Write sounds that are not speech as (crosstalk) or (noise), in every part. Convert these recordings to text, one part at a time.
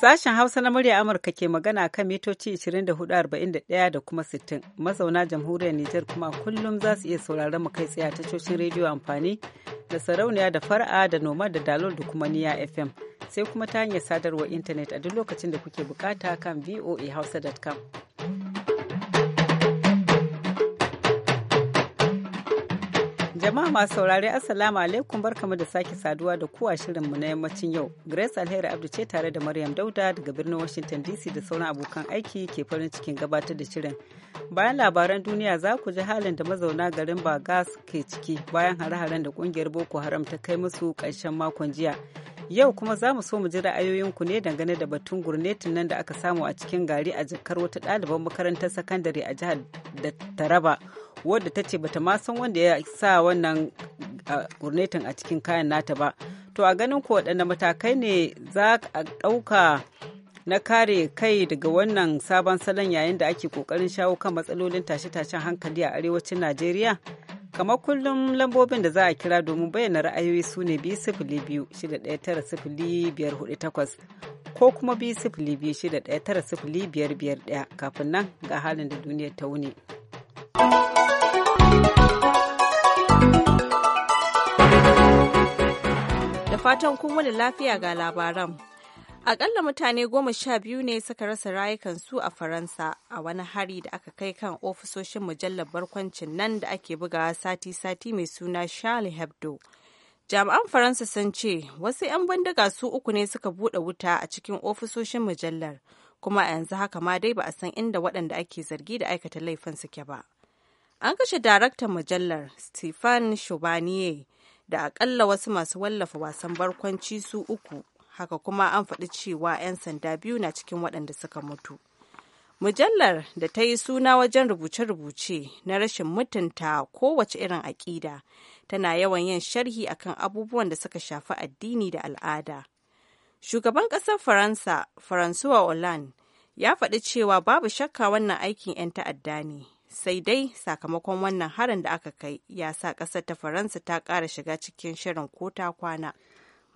Sashen Hausa na murya Amurka ke magana kan mitoci 24,41 da kuma 60. Mazauna jamhuriyar Nijar kuma kullum za su iya sauraron mu kai tsaye a tashoshin rediyo amfani da sarauniya da fara'a da noma da dalol da kuma niya FM. Sai kuma ta hanyar sadarwar intanet a duk lokacin da kuke bukata kan voahausa.com. Jama'a masu saurare Assalamu alaikum barkamu da sake saduwa da kuwa mu na yammacin yau. Grace Alheri Abdu ce tare da Maryam Dauda daga birnin Washington DC da sauran abokan aiki ke farin cikin gabatar da shirin. Bayan labaran duniya za ku ji halin da mazauna garin Bagas ke ciki bayan hare-haren da kungiyar Boko Haram ta kai musu karshen makon jiya. Yau kuma za mu so mu ji ra'ayoyinku ne dangane da batun gurnetin nan da aka samu a cikin gari a jikar wata ɗaliban makarantar sakandare a jihar da Taraba wadda ta ce bata ma san wanda ya sa wannan gurnetin a cikin kayan nata ba. To a ganin ku waɗanne matakai ne za a ɗauka na kare kai daga wannan sabon salon yayin da ake kokarin shawo kan matsalolin tashe-tashen hankali a arewacin Najeriya? kamar kullum lambobin da za a kira domin bayyana ra'ayoyi su ne takwas ko kuma biyar ɗaya kafin nan ga halin da duniyar ta wuni. Da fatan kun wani lafiya ga labaran. Akalla mutane goma sha biyu ne suka rasa rayukansu a Faransa a wani hari da aka kai kan ofisoshin mujallar barkwancin nan da ake bugawa sati-sati mai suna Charlie Hebdo. Jami'an Faransa sun ce wasu 'yan bindiga su uku ne suka buɗe wuta a cikin ofisoshin mujallar, kuma a yanzu haka ma dai ba a san inda waɗanda ake zargi da aikata laifin suke ba. An kashe daraktan mujallar Stefan Chobanier da akalla wasu masu wallafa wasan barkwanci su uku haka kuma an faɗi cewa 'yan sanda biyu na cikin waɗanda suka mutu mujallar da ta yi suna wajen rubuce-rubuce na rashin mutunta kowace irin aƙida tana yawan yin sharhi akan abubuwan da suka shafi addini da al'ada shugaban ƙasar faransa François hollande ya faɗi cewa babu shakka wannan aikin 'yan ta'adda ne sai dai sakamakon wannan harin da aka kai ya sa ƙasar ta faransa ta ƙara shiga cikin shirin ko ta kwana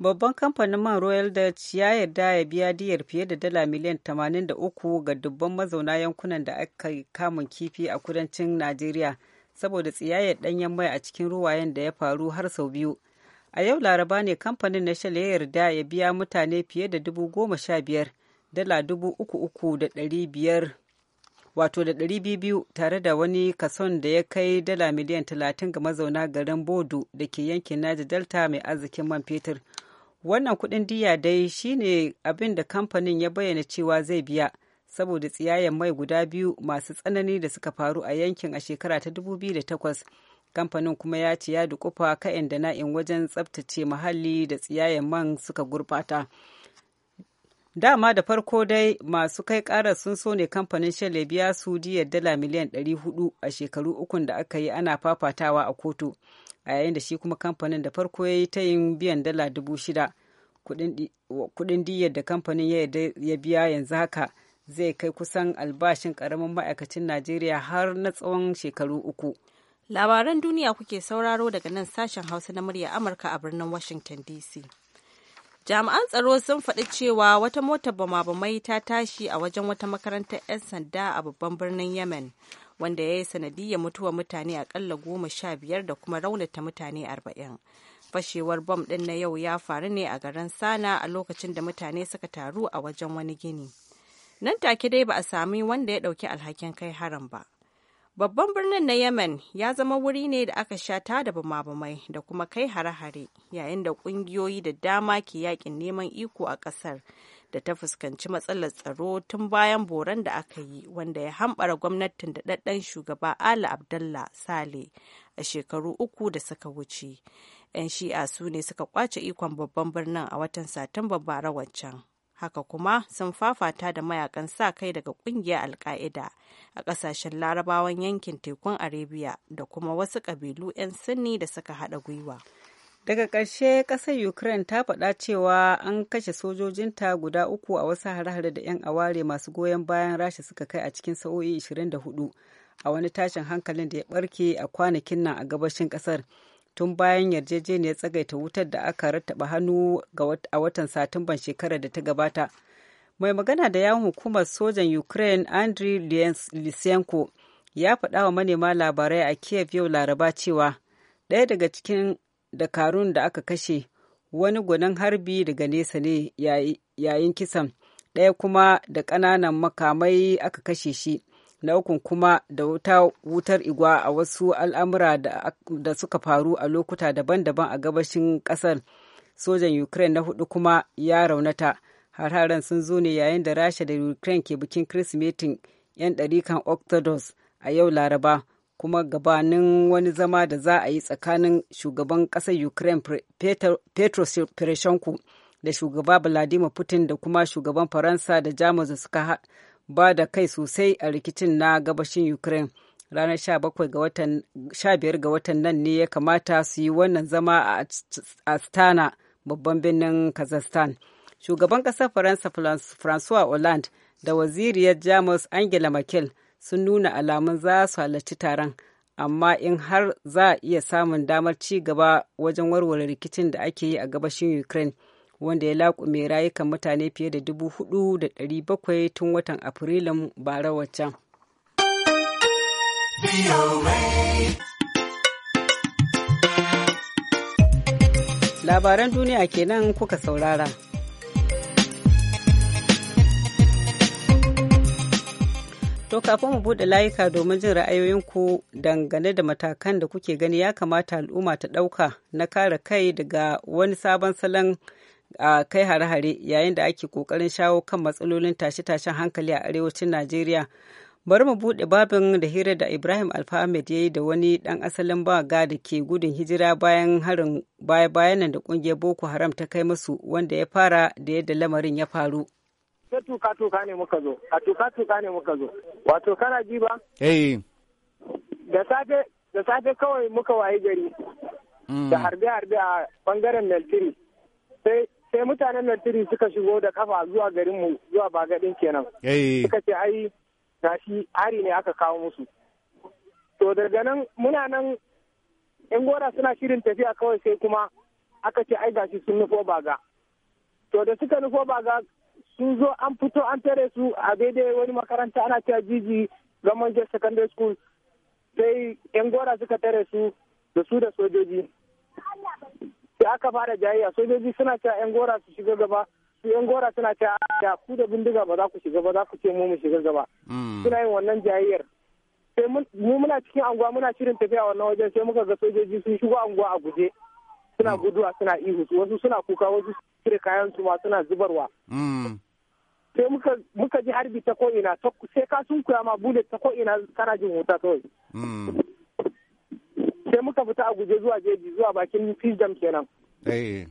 babban kamfanin man royal dutch ya yarda ya biya diyar fiye da dala miliyan 83 ga dubban mazauna yankunan da aka kamun kifi a kudancin najeriya saboda tsiyayar danyen mai a cikin ruwayen da ya faru har sau biyu a yau laraba ne kamfanin na shale ya yarda ya biya mutane fiye da dubu goma sha biyar dala dubu uku uku da ɗari biyar wato da ɗari biyu biyu tare da wani kason da ya kai dala miliyan talatin ga mazauna garin bodu da ke yankin naji delta mai arzikin man fetur Wannan kuɗin diya dai shine abin da kamfanin ya bayyana cewa zai biya saboda tsiyayen mai guda biyu masu tsanani da suka faru a yankin a shekara ta 2008. Kamfanin kuma ya ce ya dukufa ka'in da na'in wajen tsabtace muhalli da tsiyayen man suka gurbata. Dama da farko dai masu kai karar sun so ne kamfanin shan biya su diyar dala miliyan 400 a shekaru ukun da aka yi ana fafatawa a kotu, a yayin da shi kuma kamfanin da farko ya yi ta yin biyan dala 6,000 shida. Kudin diyar da kamfanin ya biya yanzu haka zai kai kusan albashin karamin ma'aikacin Najeriya har na tsawon shekaru uku. Labaran duniya kuke sauraro daga nan sashen Hausa na murya Amurka a birnin Washington DC. jami'an tsaro sun faɗi cewa wata motar bama-bamai ta tashi a wajen wata makarantar 'yan sanda a babban birnin yemen wanda ya yi sanadiyar mutuwar mutane akalla goma sha biyar da kuma raunata mutane arba'in fashewar bom ɗin na yau ya faru ne a garin sana a lokacin da mutane suka taru a wajen wani gini nan take dai ba a sami wanda ya ɗauki alhakin kai harin ba Babban birnin na Yemen ya zama wuri ne da aka sha ta da bumabumai da kuma kai hare-hare yayin da ƙungiyoyi da dama ke yakin neman iko a ƙasar da ta fuskanci matsalar tsaro tun bayan boran da aka yi wanda ya hambara gwamnatin da ɗaɗɗan shugaba Ali Abdullah Sale a shekaru uku da suka wuce. 'Yan shi'a su ne suka kwace ikon babban birnin a watan Satumba bara waccan. haka kuma sun fafata da mayakan sa kai daga kungiyar alka'ida a kasashen larabawan yankin tekun arabia da kuma wasu kabilu 'yan sinni da suka haɗa gwiwa daga ƙarshe ƙasar ukraine ta faɗa cewa an kashe sojojinta guda uku a wasu hare-hare da 'yan aware masu goyon bayan rasha suka kai a cikin sa'o'i 24 a wani tashin hankalin da ya barke a kwanakin nan a gabashin ƙasar. tun bayan yarjejeniyar tsagaita wutar da aka rattaba hannu a watan satumban shekarar da ta gabata mai magana da yawon hukumar sojan ukraine andriy lysenko ya faɗa wa manema labarai a kiev yau laraba cewa ɗaya daga cikin dakarun da aka kashe wani gwanin harbi daga nesa ne yayin kisan ɗaya kuma da ƙananan makamai aka kashe shi na ukun kuma da wuta wutar igwa a wasu al'amura da suka faru a lokuta daban-daban a gabashin kasar sojan ukraine na hudu kuma ya raunata harharan sun zo ne yayin da rasha da ukraine ke bikin kirsimetin 'yan ɗarikan octodos a yau laraba kuma gabanin wani zama da za a yi tsakanin shugaban ƙasar ukraine petro pereshenko da shugaba vladimir putin da kuma shugaban faransa da jamus da suka ba da kai sosai a rikicin na gabashin ukraine ranar 15 ga watan nan ne ya kamata su yi wannan zama a astana babban birnin kazakhstan shugaban ƙasar faransa francois hollande da waziriyar jamus angela merkel sun nuna alamun za su halarci taron amma in har za a iya samun damar ci gaba wajen warware rikicin da ake yi a gabashin ukraine wanda ya laƙume rayukan mutane fiye da dubu hudu da ɗari bakwai tun watan afrilun bara waccan. Labaran duniya kenan kuka saurara. To kafin mu buɗe layuka domin jin ra'ayoyinku dangane da matakan da kuke gani ya kamata al'umma ta ɗauka na kare kai daga wani sabon salon a kai hare-hare yayin da ake kokarin shawo kan matsalolin tashe-tashen hankali a arewacin najeriya bari mu buɗe babin da hira da ibrahim alfahamed ya yi da wani ɗan asalin baga da ke gudun hijira bayan harin baya-bayanan da ƙungiyar boko haram ta kai musu wanda ya fara da yadda lamarin ya faru tuka-tuka da safe da kawai muka waye gari da mm. harbe-harbe a bangaren meltiri sai sai mutanen nan tiri suka shigo da kafa zuwa garin mu zuwa bagadin kenan suka ce ai gashi hari ne aka kawo musu to daga nan muna nan yan gora suna shirin tafiya kawai sai kuma aka ce ai gashi sun nufo baga to da suka nufo baga sun zo an fito an tare su a daidai wani makaranta ana cewa jiji gamon secondary school sai yan gora suka tare su da su da sojoji sai aka fara jayayya sojoji suna cewa yan gora su shiga gaba su yan gora suna cewa ya ku da bindiga ba za ku shiga ba za ku ce mu mu shiga gaba hmm. suna yin wannan jayayyar sai mu muna cikin anguwa muna shirin tafiya wannan wajen sai muka ga sojoji sun shigo anguwa a guje suna hmm. guduwa suna ihu wasu suna kuka wasu cire kayan su ma suna zubarwa hmm. sai muka ji harbi ta ko'ina sai ka sun kuya ma bullet ta ko'ina kana jin wuta kawai sai muka fita a guje zuwa jeji zuwa bakin fizdam kenan eh.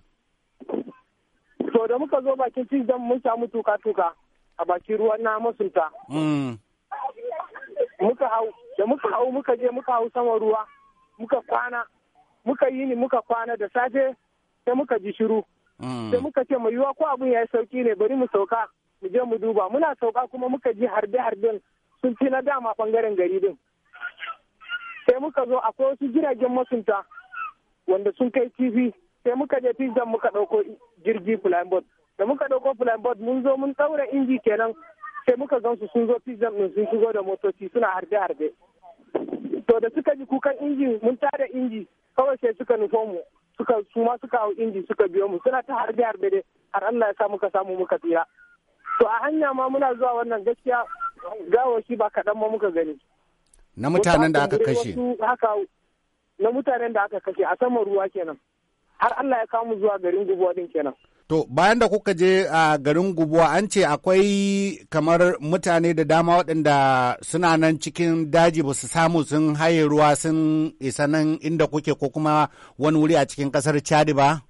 to da muka zo bakin fizdam mun samu tuka-tuka a bakin ruwan na masunta mm. muka hau da muka hau muka je muka hau saman ruwa muka kwana muka yi ni muka kwana da safe sai muka ji shiru mm. sai muka ce mai yiwa ko abin ya yi sauki ne bari mu sauka mu je mu duba muna sauka kuma muka ji harbe harben sun fi na dama bangaren gari din sai muka zo akwai wasu jiragen masunta wanda sun kai kifi sai muka je pizza muka dauko jirgi flying boat da muka ɗauko flying boat mun zo mun ɗaura inji kenan sai muka gansu sun zo pizza mun sun shigo da motoci suna harbe-harbe to da suka ji kukan inji mun tada inji kawai sai suka nufo mu suka su ma suka hau inji suka biyo mu suna ta harbe harbe dai har Allah ya sa muka samu muka tsira to a hanya ma muna zuwa wannan gaskiya gawo shi ba kaɗan ma muka gani na mutanen da aka kashe na mutanen da aka kashe a saman ruwa kenan har Allah ya kamu zuwa garin gubuwa din kenan to bayan da kuka je a garin gubuwa an ce akwai kamar mutane da dama waɗanda suna nan cikin daji ba su samu sun haye ruwa sun isa nan inda kuke ko kuma wani wuri a cikin kasar chadi ba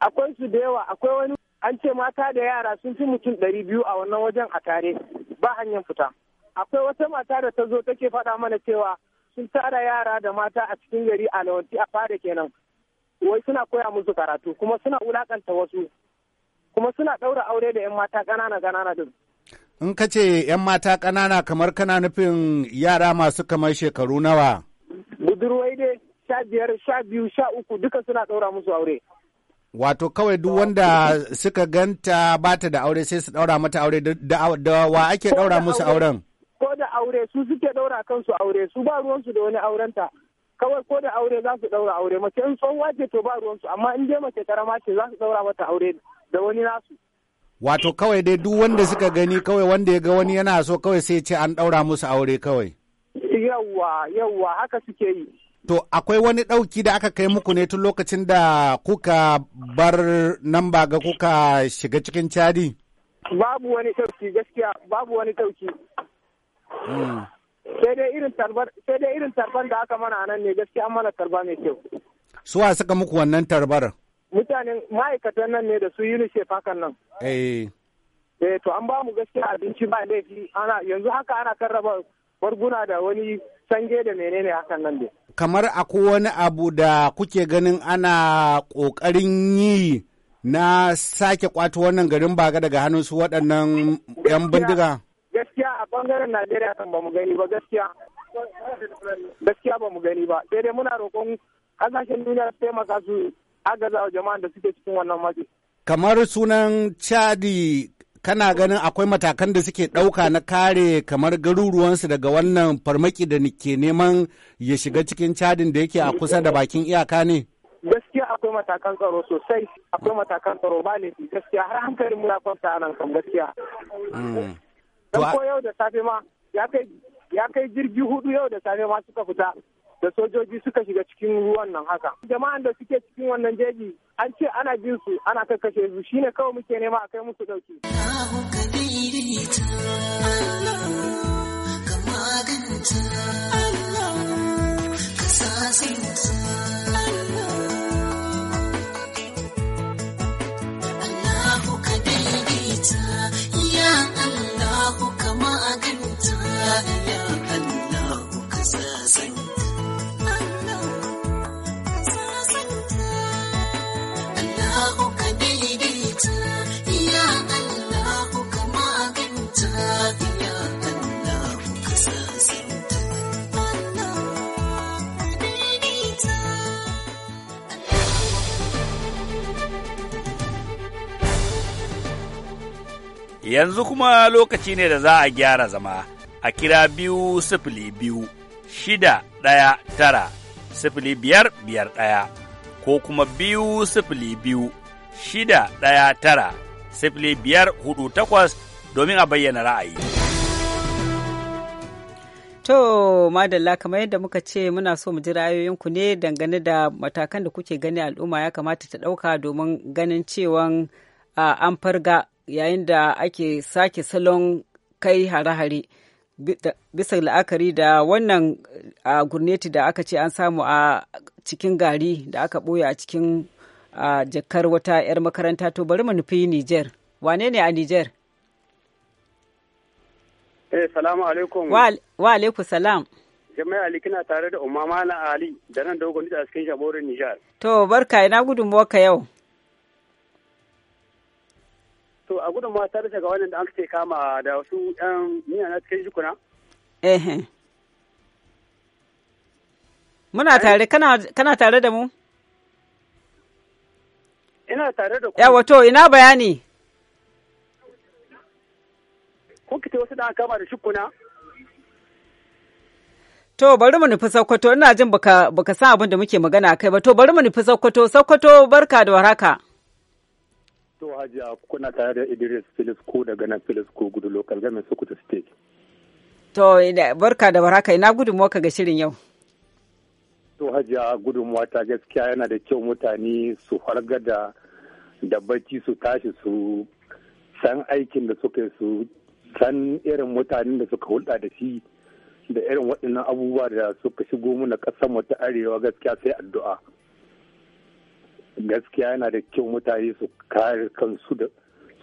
akwai su da yawa akwai wani an ce mata da yara sun fi mutum ɗari biyu a wannan wajen a tare ba hanyar fita akwai wata mata da ta zo take faɗa mana cewa sun tara yara da mata a cikin gari a lawanti a fada kenan wai suna koya musu karatu kuma suna wulakanta wasu kuma suna ɗaura aure da 'yan mata ƙanana ƙanana din in ka ce 'yan mata ƙanana kamar kana nufin yara masu kamar shekaru nawa budurwai dai sha biyar sha biyu sha uku duka suna ɗaura musu aure Wato kawai duk wanda suka ganta ba ta da aure sai su ɗaura mata aure da wa ake ɗaura musu auren? aure su suke daura kansu aure su ba ruwansu da wani aurenta kawai ko da aure za su daura aure mace in tsohuwa wace to ba ruwansu amma in je mace karama ce za su daura mata aure da wani nasu wato kawai dai duk wanda suka gani kawai wanda ya ga wani yana so kawai sai ce an ɗaura musu aure kawai yawwa yawwa haka suke yi to akwai wani ɗauki da aka kai muku ne tun lokacin da kuka bar nan ba ga kuka shiga cikin cadi babu wani ɗauki gaskiya babu wani ɗauki Mm. sai dai irin tarbar da aka mana nan ne gaskiya an mana tarba mai kyau Su wa suka muku wannan tarbar mutanen ma'aikatan nan ne da su unicef hakan nan eh eh to an ba mu gaskiya abinci ba laifi ana yanzu haka ana kan raba barguna da wani sange da menene hakan nan dai kamar akwai wani abu da kuke ganin ana ƙoƙarin yi na sake kwato wannan garin baga daga hannun su waɗannan 'yan bindiga? gaskiya a bangaren najeriya kan ba mu gani ba gaskiya gaskiya ba mu gani ba sai dai muna roƙon kasashen duniya su taimaka su agaza wa jama'an da suke cikin wannan matsi kamar sunan chadi kana ganin akwai matakan da suke ɗauka na kare kamar garuruwansu daga wannan farmaki da ke neman ya shiga cikin cadin da yake a kusa da bakin iyaka ne gaskiya akwai matakan tsaro sosai akwai matakan tsaro ba ne gaskiya har hankalin mu ya kwanta nan kam gaskiya mm. Don ko yau da safe ma ya kai jirgi hudu yau da safe ma suka fita da sojoji suka shiga cikin ruwan nan haka. Jama'an da suke cikin wannan jeji an ce ana bin su ana kakkashe su shine kawai muke nema a kai musu dauki. Allah ka Yanzu kuma lokaci ne da za a gyara zama a kira biyu sifili biyu shida ɗaya tara sifili biyar biyar ɗaya ko kuma biyu sifili biyu shida ɗaya tara sifili biyar hudu takwas domin a bayyana ra'ayi. To, madalla kamar yadda muka ce muna so mu ji ra'ayoyinku ne dangane da matakan da kuke gani al'umma ya kamata ta ɗauka domin ganin cewan an farga yayin da ake sake salon kai hare-hare bisa la'akari da wannan a gurneti da aka ce an samu a cikin gari da aka ɓoye a cikin jakar wata 'yar makaranta to bari mu nufi Nijar. Wane ne a Nijar? Eh, salamu alaikum. Wa alaikum salam. Jami'a Ali kina tare da Umama na Ali da nan dogon a cikin Jaborin Nijar. To, barka ina ka yau. to a gudun ma ta daga wannan da aka ce kama da wasu yan miya na cikin jikuna? Eh. Muna tare, kana tare da mu? Ina tare da ku. Yawa to, ina bayani? Kun kite wasu da kama da shukuna? To bari mu nufi Sokoto ina jin baka baka san abin da muke magana kai ba to bari mu nufi Sokoto Sokoto barka da warhaka. To Hajiya kuna tare da Idris Filisko daga nan Filisko gudu local government Sokoto state. To barka da baraka ina gudunmuwa ka ga shirin yau. To Hajiya gudunmuwa ta gaskiya yana da kyau mutane su farga da da bacci su tashi su san aikin da suka su san irin mutanen da suka hulɗa da shi da irin waɗannan abubuwa da suka shigo na ƙasar mu ta arewa gaskiya sai addu'a. gaskiya yana da kyau mutane su kare kansu da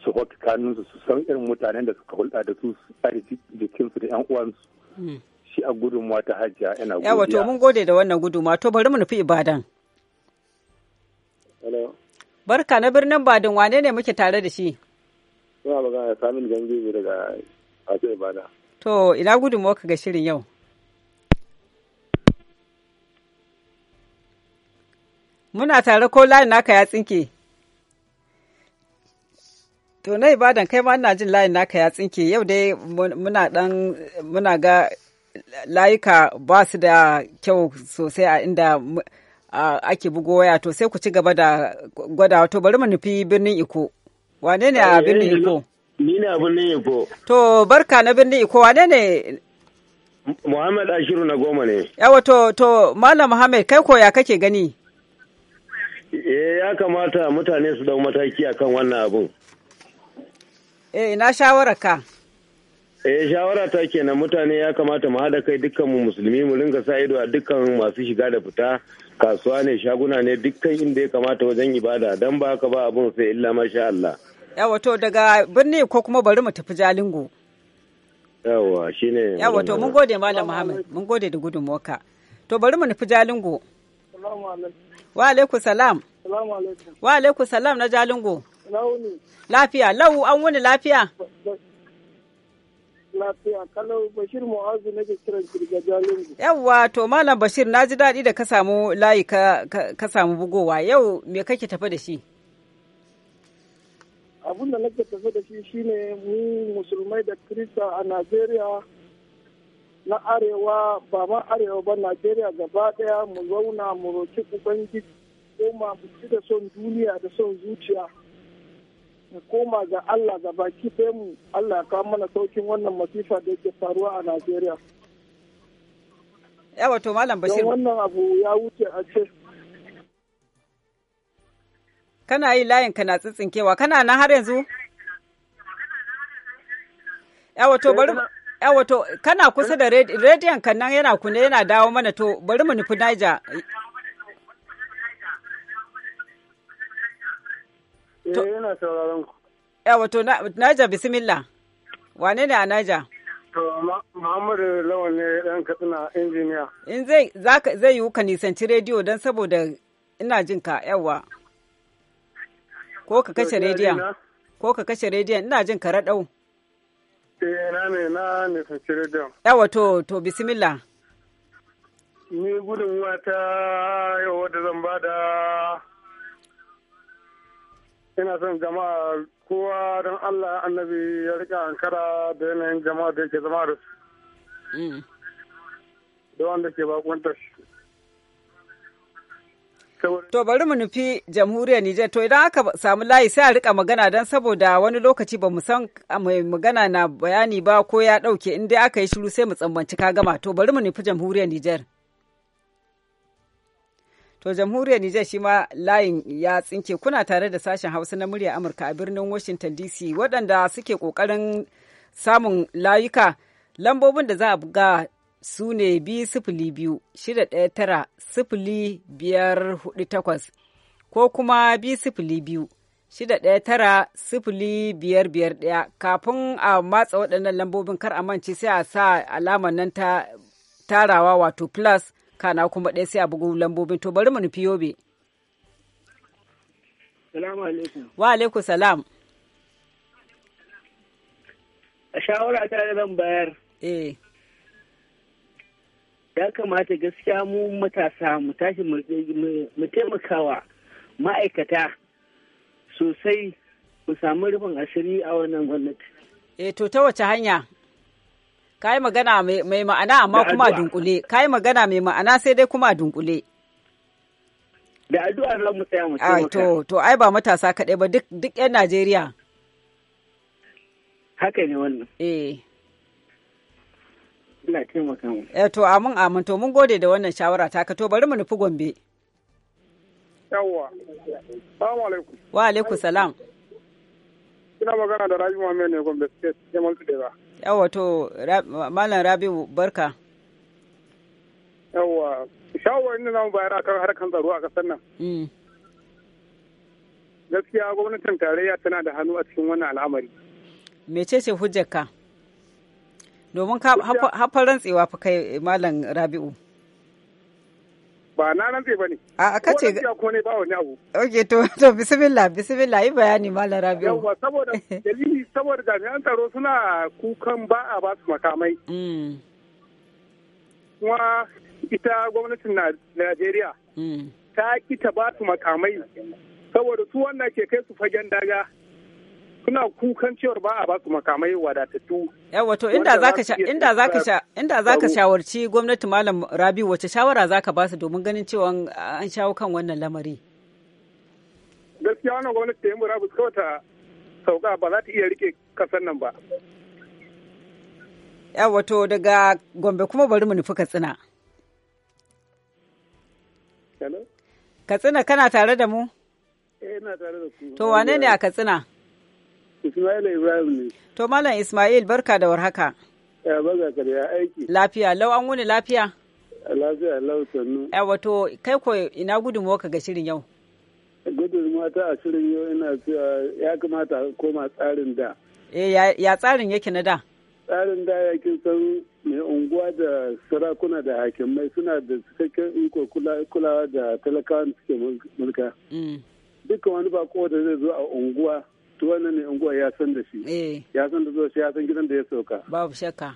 su hoti kanunsu su san irin mutanen da suka hulɗa da su su tsare jikinsu da yan uwansu hmm. shi a gudunmuwa ta hajiya yana godiya yawa to mun gode da wannan gudunmuwa to bari mu nufi ibadan barka na birnin badin wane ne muke tare da shi ina magana samin daga ibadan to ina gudunmuwa ka ga shirin yau Muna tare ko layin naka ya tsinke. To na Ibadan kai ma ina jin layin naka ya tsinke yau dai muna dan muna ga layuka ba su da kyau sosai a inda ake bugo waya to sai ku ci gaba da gwadawa to bari mu nufi birnin Iko. Wane ne a birnin Iko? Ni ne a birnin Iko. To barka na birnin Iko wane ne Muhammad Ashiru na goma ne. Yawa to to Malam Muhammad kai ko ya kake gani? Eh ya kamata mutane su dau mataki akan wannan abun. Eh ina shawara ka. Eh shawara ta kenan mutane ya kamata mu haɗa kai dukkan mu musulmi mu ringa sa ido a dukkan masu shiga da fita kasuwa ne shaguna ne dukkan inda ya kamata wajen ibada dan ba haka ba abun sai illa masha Allah. Yawa to daga birni ko kuma bari mu tafi Jalingo. Yawa shine. Yawa to mun gode Malam Muhammad mun gode da gudunmuwarka. To bari mu nufi Jalingo. Assalamu alaikum. Wa alaiku salam. Salamu alaikum. Wa alaiku salam na Jalingo. Launi. Lafiya, lau an wuni lafiya. Lafiya, kalau Bashir Mu'azu na kiran kirga Jalingo. Yawwa, to Malam Bashir na ji daɗi da ka samu layi ka samu bugowa. Yau me kake tafi da shi? Abin da nake tafi da shi shine mu musulmai da Kirista a Najeriya na arewa ba ma arewa ba najeriya gaba daya mu zauna mu roki ubangiji koma mu ci da son duniya da son zuciya mu koma ga allah ga baki ɗaya mu allah ya kawo mana saukin wannan masifa da yake faruwa a najeriya yawa to malam bashir wannan abu ya wuce a ce kana yi layin kana tsitsinkewa kana na har yanzu yawa to bari eh, yawa to kana kusa da rediyon kan nan yana kunne yana dawo mana to bari mu nufi Niger. Eh, to yana sauraron ku. Niger bismillah. Wane ne a Niger? To Muhammadu Lawan ne dan Katsina injiniya. In zai zaka zai yi ka nisanci rediyo don saboda ina jin ka yawa. Ko ka kashe rediyon. Ko ka kashe rediyon ina jin ka raɗau. Eh, na ne na nufinci rediyon. Yawa to, to, bismillah. Ni gudun wata yau wata zan bada ina son jama'a kowa don Allah annabi ya rika ankara da yanayin jama'a da yake zama da su. Mm. Da wanda ke bakon tashi. To bari mu nufi jamhuriyar Nijar to idan aka samu layi sai a rika magana don saboda wani lokaci ba mu san mai magana na bayani ba ko ya dauke in dai aka yi shiru sai mu tsammanci ka gama to bari mu nufi jamhuriyar Nijar. To jamhuriyar Nijar shi ma layin ya tsinke kuna tare da sashen Hausa na murya Amurka a birnin Washington DC waɗanda suke ƙoƙarin samun layuka lambobin da za a buga su ne biyu sifili biyu shida ɗaya tara sifili biyar hudu takwas ko kuma biyu sifili biyu shida ɗaya tara sifili biyar biyar ɗaya kafin a matsa waɗannan lambobin kar a mance sai a sa alamar nan ta tarawa wato plus kana kuma ɗaya sai a bugu lambobin to bari mu nufi yobe. Salamu alaikum. Wa alaikum salam. A shawara ta zan bayar. Eh. ya kamata gaskiya mu matasa mu tashi mu taimakawa ma'aikata sosai mu samu rufin asiri a wannan gwamnati. E to ta wace hanya? Ka yi magana mai ma'ana amma kuma dunkule. Ka yi magana mai ma'ana sai dai kuma dunkule. Da addu'a za mu tsaya mu taimaka. To, to ai ba matasa kaɗai ba duk 'yan Najeriya. Haka ne wannan. Eh. Allah taimaka mu. Eh, to amin amin to mun gode da wannan shawara ta ka to bari mu nufi Gombe. Yawwa. Assalamu alaikum. Wa alaikum salam. Kina magana da Rabi Muhammad ne Gombe State, Jamal Tudeba. Yawwa to Malam Rabi barka. Yawwa. Shawarar da zamu bayar akan harkar tsaro a kasar nan. Mm. Gaskiya gwamnatin tarayya tana da hannu a cikin wannan al'amari. Mece ce hujjar ka? domin haifar rantsewa fa kai malam rabi'u ba na rantse ba ne a aka ce ko ne ba wani abu oke to to bismillah bismillah yi bayani malam rabi'u yawa saboda (laughs) dalili saboda jami'an tsaro suna kukan ba a ba su makamai mm. kuma ita gwamnatin Najeriya mm. ta ki ta ba su makamai saboda su wannan ke kai su fagen daga suna kukan cewar ba a ba su makamai wadatattu. Yawa wato inda za ka shawarci gwamnati Malam Rabi wace shawara ka ba su domin ganin cewa an shawo kan wannan lamari. Gaskiya wannan gwamnati ta yi murabus kawai ta sauka ba za ta iya rike kasar nan ba. Yawa wato daga Gombe kuma bari mu nufi Katsina. Katsina kana tare da mu? Eh ina tare da ku. To wane ne a Katsina? Ismail Ibrahim ne. To Malam Ismail barka da warhaka. Ya baza ka da aiki. Lafiya lau an wuni lafiya? Lafiya lau sannu. Ya wato kai ko ina gudunmuwa ka ga shirin yau? Gudunmuwa ta a shirin yau ina cewa ya kamata koma tsarin da. Eh ya tsarin yake na da? Tsarin da ya kin san mai unguwa da sarakuna da hakimai suna da cikakken iko kulawa da talakawan suke mulka. Mm. Dukkan wani bako da zai zo a unguwa duk wannan ne unguwa ya san da shi eh. ya san da zuwa ya san gidan da ya sauka babu shakka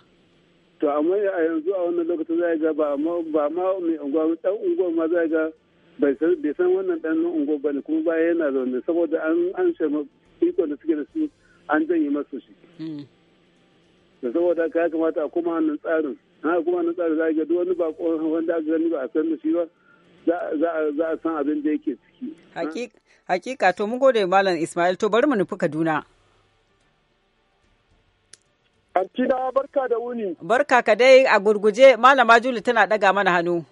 to amma a yanzu a wannan lokacin zai ga ba ba ma mai unguwa dan unguwa ma zai ga bai san bai san wannan dan unguwa bane kuma ba yana zaune saboda an an ma iko da suke da su an janye masu shi da hmm. saboda ka kamata a kuma wannan tsarin na kuma wannan tsarin zai ga duk wani bako wanda aka gani ba a san da shi ba za a san abin da yake ciki. Hakika to mun gode Malam Ismail to bari mu nufi Kaduna. Antina barka da wuni. Barka ka dai a gurguje Malama Juli tana ɗaga mana hannu.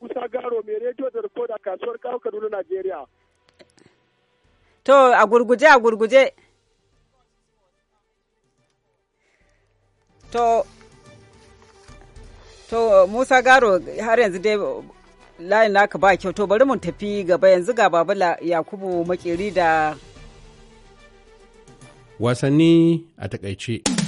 Musa Garo mai rediyo da rikoda kasuwar kawo Kaduna Najeriya. To a gurguje a gurguje. To To uh, Musa Garo har yanzu dai layin naka ba kyau to bari mu tafi gaba yanzu ga Babala Yakubu Makeri da wasanni a takaice.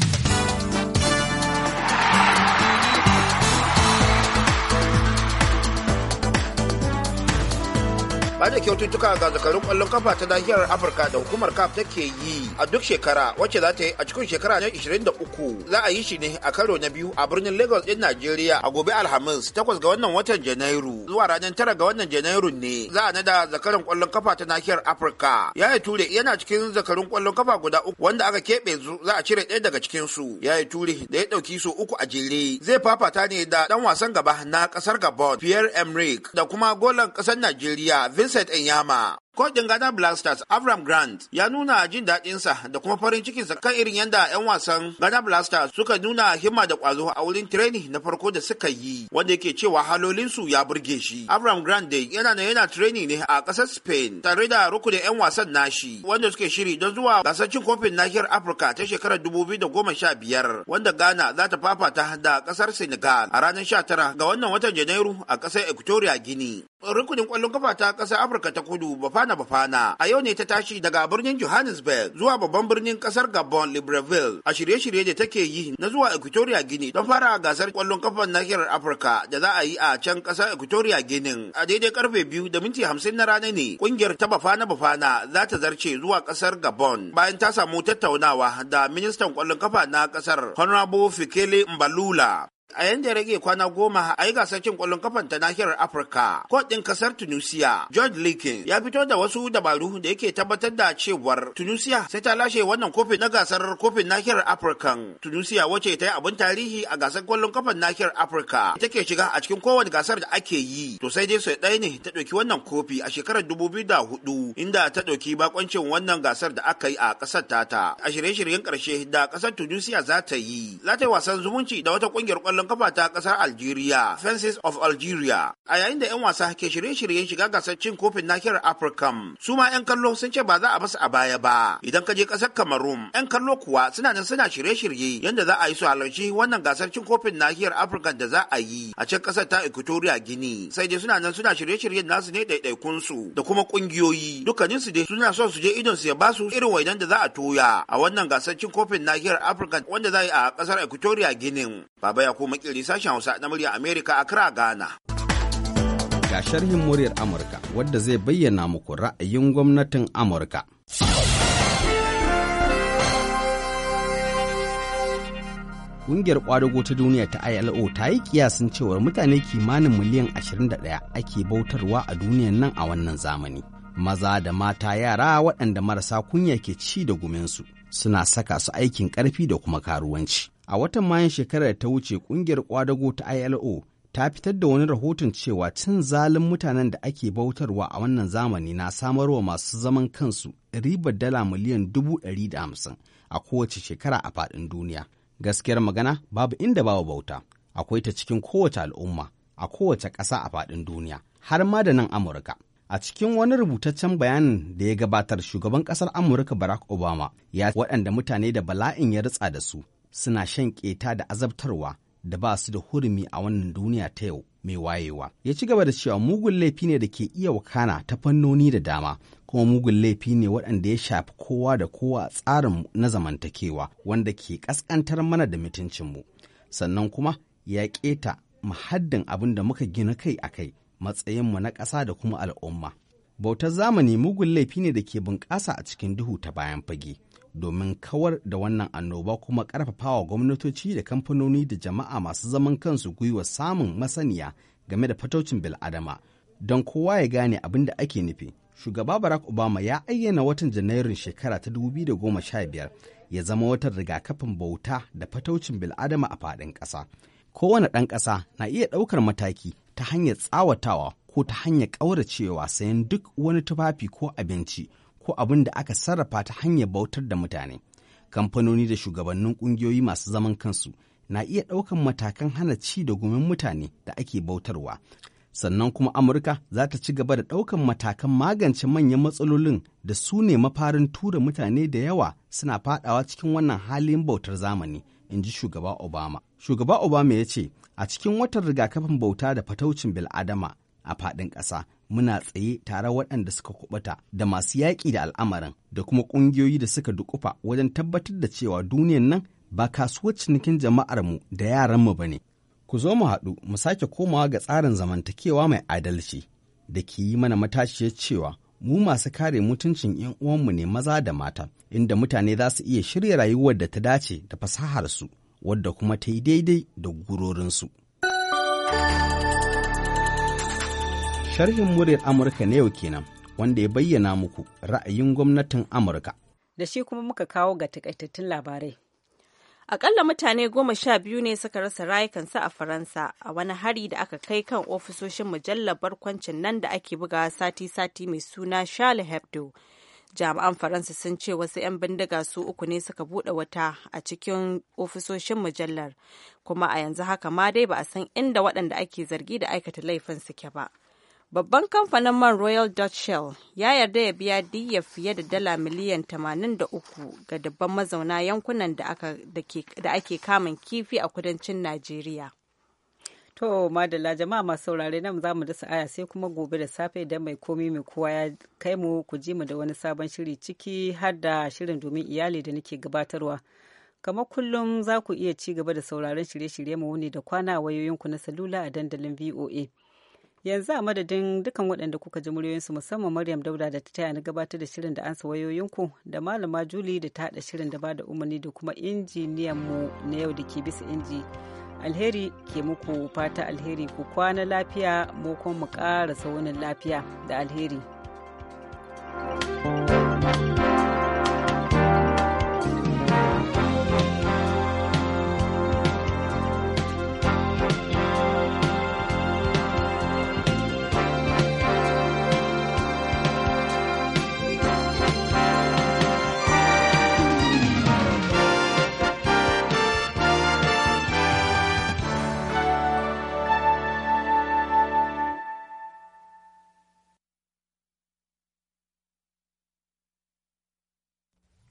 da kyaututtuka ga zakarun kwallon kafa ta nahiyar afirka da hukumar kaf take yi a duk shekara wacce za ta yi a cikin shekara na 23 za a yi shi ne a karo na biyu a birnin lagos din najeriya a gobe alhamis 8 ga wannan watan janairu zuwa ranar tara ga wannan janairu ne za a nada zakaran kwallon kafa ta nahiyar afirka yaya ture yana cikin zakarun kwallon kafa guda uku wanda aka keɓe su za a cire ɗaya daga cikin su yaya ture da ya ɗauki su uku a jere zai fafata ne da ɗan wasan gaba na ƙasar gabon pierre emerick da kuma golan ƙasar najeriya vincent အိမ်ယာမှ Kodin Ghana Blasters Avram Grant ya nuna jin daɗinsa da kuma farin cikinsa kan irin yadda 'yan wasan Ghana Blasters suka nuna himma da ƙwazo a wurin tireni na farko da suka yi wanda yake cewa halolinsu ya burge shi. Avram Grant dai yana na yana tireni ne a ƙasar Spain tare da rukunin 'yan wasan nashi wanda suke shiri don zuwa gasar cin kofin nahiyar Afirka ta shekarar dubu biyu da goma sha biyar, wanda Ghana za ta fafata da ƙasar Senegal a ranar sha tara ga wannan watan Janairu a ƙasar Equatorial Guinea. Rukunin ƙwallon kafa ta ƙasar Afirka ta kudu ba Bafana Bafana a yau ne ta tashi daga birnin Johannesburg zuwa babban birnin kasar Gabon Libreville a shirye-shirye da take yi na zuwa Equatoria Guinea don fara gasar kwallon kafan nahiyar Afirka da za a yi a can kasar Equatoria Guinea a daidai karfe biyu da minti hamsin na rana ne kungiyar ta Bafana Bafana za ta zarce zuwa kasar Gabon bayan ta samu tattaunawa da ministan kwallon kafa na kasar Honorable Fikele Mbalula a yanda ya rage kwana goma a yi gasar cin kwallon kafan ta nahiyar afirka kot kasar tunisia george likin ya fito da wasu dabaru da yake tabbatar da cewar tunisia sai ta lashe wannan kofin na gasar kofin nahiyar afirka tunisia wacce ta yi abin tarihi a gasar kwallon kafan nahiyar afirka Ita ke shiga a cikin kowane gasar da ake yi to sai dai sai ɗaya ne ta ɗauki wannan kofi a shekarar hudu, inda ta ɗauki bakoncin wannan gasar da aka yi a ƙasar tata a shirye-shiryen ƙarshe da ƙasar tunisia za ta yi za ta yi wasan zumunci da wata ƙungiyar ƙwallon kafa ta ƙasar Algeria, Fences of Algeria. A yayin da 'yan wasa ke shirye-shiryen shiga gasar cin kofin nahiyar Africa. su ma 'yan kallo sun ce ba za a basu a baya ba. Idan ka je ƙasar Cameroon, 'yan kallo kuwa suna nan suna shirye-shirye yadda za a yi su halarci wannan gasar cin kofin nahiyar Africa da za a yi a can ƙasar ta Equatorial Guinea. Sai dai suna nan suna shirye-shiryen nasu ne ɗaiɗaikun su da kuma ƙungiyoyi. su dai suna son su je idon su ya ba su irin waidan da za a toya a wannan gasar cin kofin nahiyar Africa wanda za a yi a ƙasar Equatorial Guinea. Baba ya kuma makiri sashen Hausa na murya Amerika a kira Ghana. Ga sharhin muryar Amurka wadda zai bayyana muku ra'ayin gwamnatin Amurka. Ƙungiyar ƙwadago ta duniya ta ILO ta yi kiyasin cewar mutane kimanin miliyan 21 ake bautarwa a duniyan nan a wannan zamani. maza da mata yara waɗanda marasa kunya ke ci da guminsu suna saka su aikin ƙarfi da kuma karuwanci. A watan Mayun shekarar da ta wuce ƙungiyar ƙwadago ta ILO ta fitar da wani rahoton cewa cin zalin mutanen da ake bautarwa a wannan zamani na samarwa masu zaman kansu ribar dala miliyan dubu ɗari da hamsin a kowace shekara a faɗin duniya. Gaskiyar magana babu inda babu bauta, akwai ta cikin kowace al'umma, a kowace ƙasa a faɗin duniya, har ma da nan Amurka. A cikin wani rubutaccen bayanin da ya gabatar shugaban ƙasar Amurka Barack Obama ya waɗanda mutane da bala'in ya ritsa da su suna shan ƙeta da azabtarwa da ba su da hurumi a wannan duniya ta yau mai wayewa. Ya ci gaba da cewa mugun laifi ne da ke iya wakana ta fannoni da dama, kuma mugun laifi ne waɗanda ya shafi kowa da kowa a tsarin na zamantakewa wanda ke ƙasƙantar mana da mutuncinmu. Sannan kuma ya ƙeta muhaddin abin da muka gina kai a kai matsayinmu na ƙasa da kuma al'umma. Bautar zamani mugun laifi ne da ke bunƙasa a cikin duhu ta bayan fage. domin kawar da wannan annoba kuma karfafa wa gwamnatoci da kamfanoni da jama'a masu zaman kansu gwiwa samun masaniya game da fatocin bil'adama don kowa ya gane abin da ake nufi shugaba barack obama ya ayyana watan janairun shekara ta 2015 ya zama watan rigakafin bauta da fataucin bil'adama a faɗin ƙasa kowane ɗan ƙasa na iya ɗaukar mataki ta hanyar tsawatawa ko ta hanyar ƙauracewa sayan duk wani tufafi ko abinci ko abin da aka sarrafa ta hanyar bautar da mutane. Kamfanoni da shugabannin ƙungiyoyi masu zaman kansu na iya ɗaukan matakan hana ci da gumin mutane da ake bautarwa. Sannan kuma Amurka za ta ci gaba da ɗaukan matakan magance manyan matsalolin da su ne mafarin tura mutane da yawa suna faɗawa cikin wannan halin bautar zamani, in ji Shugaba Obama. Shugaba Obama ya ce, a cikin watan rigakafin bauta da fataucin bil'adama a faɗin ƙasa muna tsaye tare waɗanda suka kubuta da masu yaƙi da al'amarin da kuma ƙungiyoyi da suka dukufa wajen tabbatar da cewa duniyan nan ba kasuwar cinikin jama'ar mu da yaranmu ba ne. Ku zo mu haɗu mu sake komawa ga tsarin zamantakewa mai adalci da ke yi mana matashiyar cewa mu masu kare mutuncin 'yan uwanmu ne maza da mata inda mutane za su iya shirya rayuwar da ta dace da fasaharsu wadda kuma ta yi daidai da gurorinsu. Sharhin muryar Amurka na yau kenan wanda ya bayyana muku ra'ayin gwamnatin Amurka. Da shi kuma muka kawo ga takaitattun labarai. Akalla mutane goma sha biyu ne suka rasa rayukansu a Faransa a wani hari da aka kai kan ofisoshin mujallar barkwancin nan da ake bugawa sati-sati mai suna Charles Hebdo. Jami'an Faransa sun ce wasu 'yan bindiga su uku ne suka buɗe wata a cikin ofisoshin mujallar, kuma a yanzu haka ma dai ba a san inda waɗanda ake zargi da aikata laifin suke ba. Babban kamfanin man Royal Dutch Shell ya yarda ya biya diyya fiye da dala miliyan 83 ga dabban mazauna yankunan da ake kamun kifi a kudancin Najeriya. To madalla jama'a masu saurare nan za mu dasa aya sai kuma gobe da safe idan mai komi mai kowa ya kai mu ku ji mu da wani sabon shiri ciki har da shirin domin iyali da nake gabatarwa. Kamar kullum za ku iya ci gaba da sauraron shirye-shirye mu wuni da kwana wayoyinku na salula a dandalin VOA. yanzu a madadin dukan waɗanda kuka ji muryoyinsu musamman maryam dauda da ta taya na gabatar da shirin da ansa wayoyinku da malama juli da ta haɗa shirin da ba da umarni da kuma injiniyan mu na yau da ke bisa inji alheri ke muku fata alheri ku kwana lafiya mu kuma mu ƙara saunin lafiya da alheri thank you